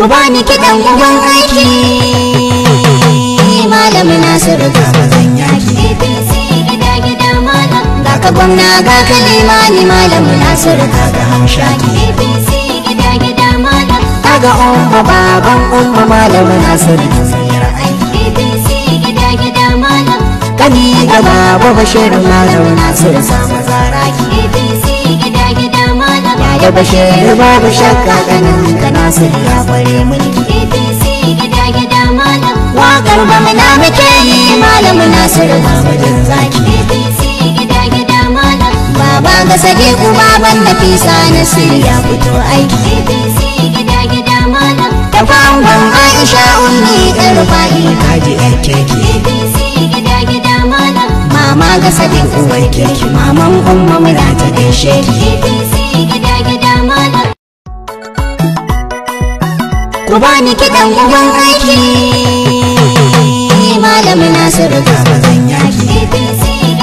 ku ba ni kiɗan uban aiki malam nasiru ga mazan yaki apc gida gida malam ga ka gwamna ga ka limani malam nasiru ga ga hamshaki gida gida malam ga ga umma baban umma malam nasiru ga zanyar aiki gida gida malam ni ga Baba bashirin malam nasiru da bashir babu shakka ganin ka nasir ya kware mun APC gida gida malam wakar ba mana muke malam nasir Muhammadin zaki APC gida gida malam baba ga sake ku baban Nafisa Nasir ya fito aiki APC gida gida malam da famban Aisha ummi ɗan rufa'i kaji yar keke APC gida gida malam mama ga sake uwar keke maman umma muna ta gaishe ki APC ku bani kiɗan uban aiki malam nasiru da bazan yaki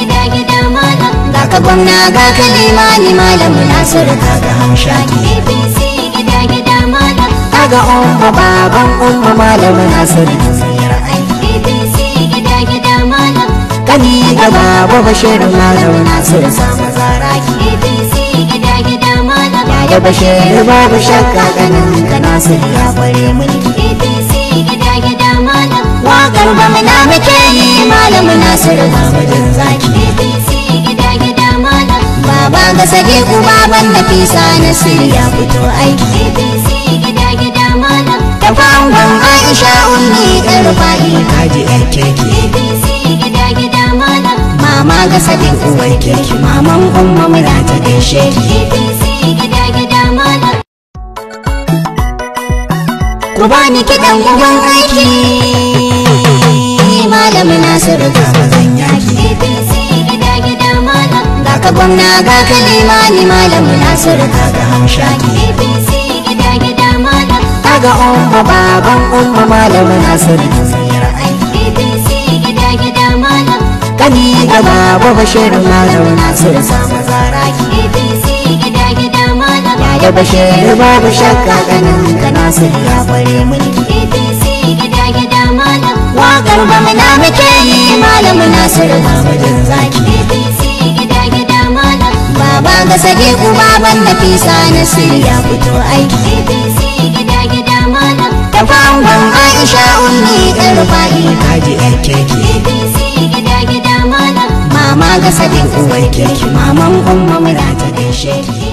ga ka gwamna ga ka limani malam nasiru ga ga hamshaki apc gida gida malam ga umma baban umma malam nasiru ga sayar aiki apc gida gida malam gani ga baba bashirin malam nasiru samu zaraki da bashir babu shakka ganin ka nasir ya kware muni apc gida gida malam wakar ba mu na muke yi malam nasir babajin zaki apc gida gida malam baba ga sadiku baban nafisa nasir ya fito aiki apc gida gida malam da bangon aisha ummi dan rufa'i kaji ake ki apc gida gida malam mama ga sadiku wai keki maman umma mura ta gaishe ki apc Wani bani kiɗan uban aiki malam nasiru ga bazan yaki gida gida malam ga ka gwamna ga ka limani malam nasiru ga ga hamshaki gida gida malam ga ga umma baban umma malam nasiru ga aiki apc gida gida malam kani ga baba bashir malam nasiru da bashir babu shakka ganin ka nasir ya kware mulki APC gida gida malam wakar mu na muke yi malam nasir babajin zaki APC gida gida malam baba ga baban da fisa nasir ya fito aiki APC gida gida malam ta fangon Aisha ummi dan rufa'i kaji ake ki APC gida gida malam mama ga sage uwar keki maman umma mura ta gaishe ki